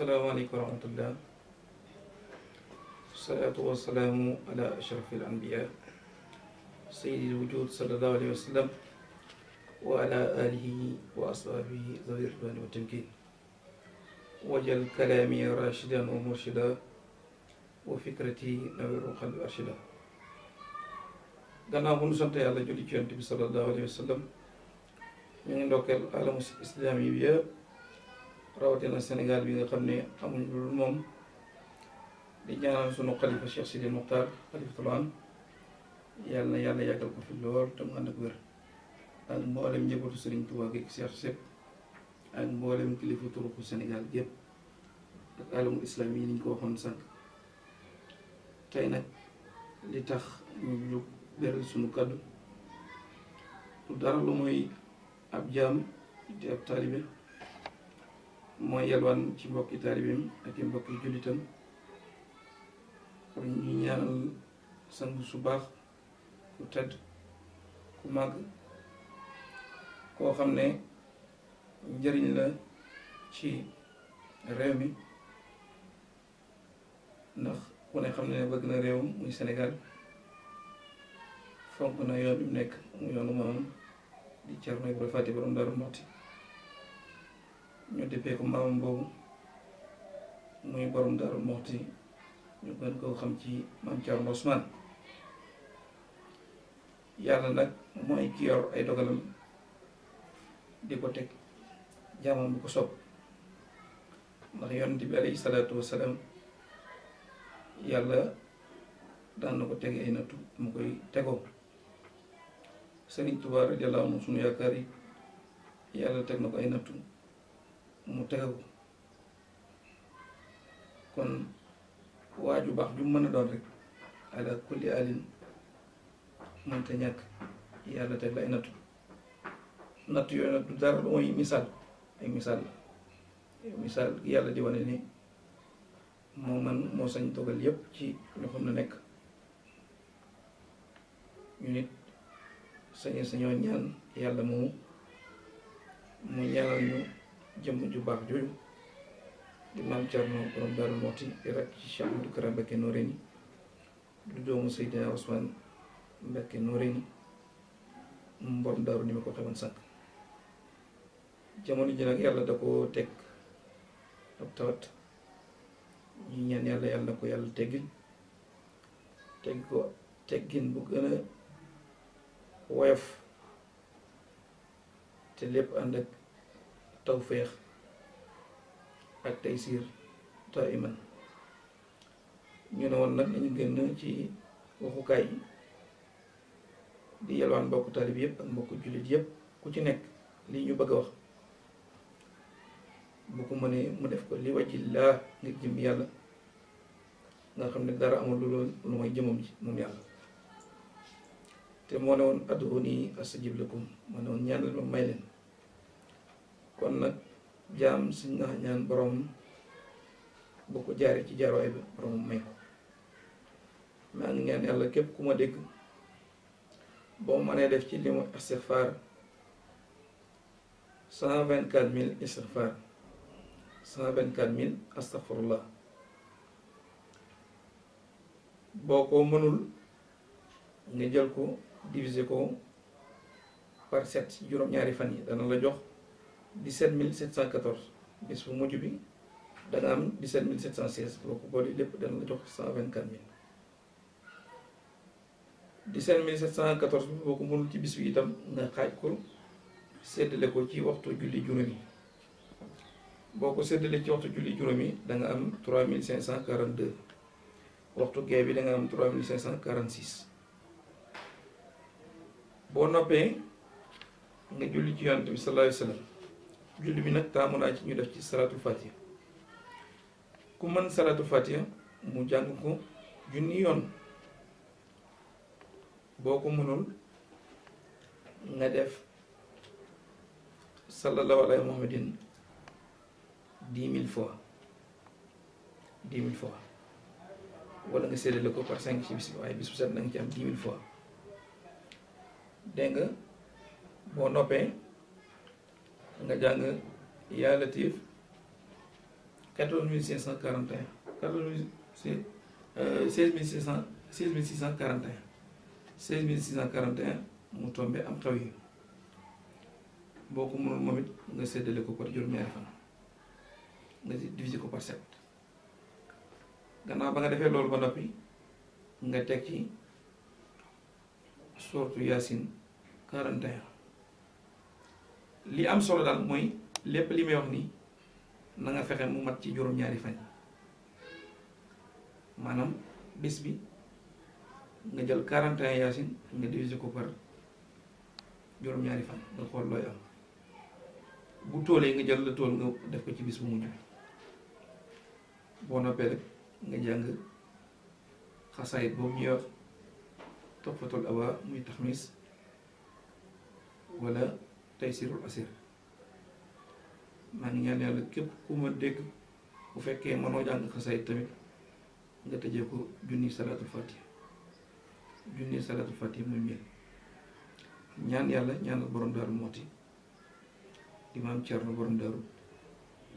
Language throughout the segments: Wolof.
السلام عليكم ورحمة الله والصلاة والسلام على أشرف الأنبياء سيد الوجود صلى الله عليه وسلم وعلى آله وأصحابه ذوي الرضوان والتمكين وجل كلامي راشدا ومرشدا وفكرتي نور وقلب أرشدا gannaaw bu nu الله جل جلاله صلى الله عليه وسلم من wa sallam ñu ngi rawatina senegal bi nga xamne ne amuñ lu mom di ñaanal sunu khalifa Cheikh Sidi Mokhtar khalifa am yalla na yagal ko fi lor te mu ànd wër ak mboolem ñeppatu Serigne Touba gi Cheikh sep ak mboolem kilifa turuku Sénégal gépp ak alamu islam yi ni ñu ko waxon sànq tay nak li tax ñu lu beral sunu kaddu dara lu moy ab jam di ab talibé mooy yalwaan ci mbokki taalibeem ak i mbokki jullitam kon ñu ñaanal sang su baax ku tedd ku màgg koo xam ne njëriñ la ci réew mi ndax ku ne xam ne bëgg na réewam muy Sénégal fonk na yoon bi nekk mu yoonu maam di Thierno Ibrahima Fati borom Daaru Muxti ñu dippee ko maamam boobu muy borom Daaru Muxti ñu gën koo xam ci maam Thierno Ousmane yàlla nag mooy ki ay dogalam di ko teg jaamam bu ko sopp ndax yonent bi alayhi salaatu wasalaam yàlla daan na ko teg ay nattu mu koy tegoo Sëriñ Tuubaa radiyallaahu anhu yaakaar yi yàlla teg na ko ay nattu mu teew kon waa ju baax ju mën a doon rek ala kulli alin mënta ñàkk yàlla teg la ay nattu yooyu nag du dara lu misaal ay misaal yàlla di wane nii moo man moo sañ dogal yépp ci loxoom la nekk ñu nit sañe sañoo ñaan yàlla moomu mu ñaanal ñu jëmm ju baax jooju di maam Thierno borom Darou Mouhty di rek ci Cheikh Ahmadou Kara Mbacké Noreyni du doomu Seydina Ousmane Mbacké Noreyni mu borom daaru ni ma ko xewoon sànq jamono ji nag yàlla da ko teg ab tawat ñu ñaan yàlla yàlla na ko yàlla teggin teg ko teggin bu gën a woyof te lépp ànd ak tawfiq ak taysir ta'iman ñu ne won nak nañu génn ci waxu kay di yelwaan bokk talib yépp ak mbokk julit yépp ku ci nekk li ñu bëgg wax bu ko mëne mu def ko li wajillaa ngir jëm yalla nga xamne dara amul lu lu may jëmum ci mum yalla te mo ne won aduni asjib lakum mo ne won ñaanal ma may leen kon nag jaam suñ na ñaan borom bu ko jaaree ci jaarwaay bi borom may ko maa ngi ñaan yàlla képp ku ma dégg boo mënee def ci li mu istixfaar cent vingt quatre mille istixfaar cent vingt quatre mille astaxfirullah boo ko mënul nga jël ko diviser ko par sept juróom-ñaari fan yi dana la jox 17.714 714 bis bu mujj bi da nga am 17 716 boo ko boolee lépp dana la jox 124 000 17 714 bi boo ko mënul ci bis bi itam nga xaaj ko séddale ko ci waxtu julli juróomi boo ko ci waxtu julli juróomi da nga am 3542 waxtu gee bi da nga am 3546 boo noppee nga julli ci yonent sallallahu alayhi wa julli bi nag taamu naa ci ñu def ci salaatul fatiha ku mën salaatul fatiha mu jàng ko junni yoon boo ko mënul nga def sallallahu alayhi muhammadin dix mille fois dix mille fois wala nga séddale ko par cinq ci bis waaye bis bu set na nga ci am dix mille fois dégg nga boo noppee nga jàng yaa latif quatorze mille cinq cent quarante et un quatorze mille seize mille six cent seize mille six cent quarante et un seize mille six cent quarante un mu tombe am xew yi boo ko mënoon moom it nga séddale ko par juróom-ñaari ko par sept gannaaw ba nga defee loolu ba noppi nga teg ci sortu yaasin quarante un li am solo daal mooy lépp li may wax nii na nga fexe mu mat ci juróom-ñaari fan maanaam bés bi nga jël 41 yaasin nga diviser ko par juróom-ñaari fan nga xool looy am bu toolee nga jël la tool nga def ko ci bis bu mujj boo noppee rek nga jàng xasaayit boobu ñuy wax toppatul aba muy taxmis wala Taysirul Asir maa ngi ñaan yàlla képp ku ma dégg bu fekkee mënoo jàng xasaay tamit nga tëjee ko junni salaatul fatiha junni salaatul fatiha muy mil ñaan yàlla ñaanal borom daaru mooti di maam Cerno borom daaru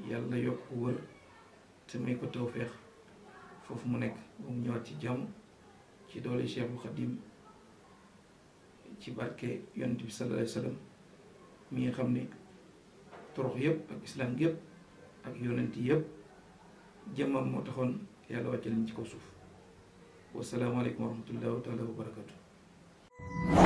yàlla yokk wër te may ko tawféex foofu mu nekk ba mu ñëwaat ci jàmm ci doole Cheikhul Xadim ci barke yonent bi sallallahu alayhi mi nga xam ne torox yëpp ak islam yëpp ak yonent yëpp jëmmam moo taxoon yàlla wàcce leen ci kaw suuf wasalaamaaleykum wa rahmatullahi wa taala wa barakatu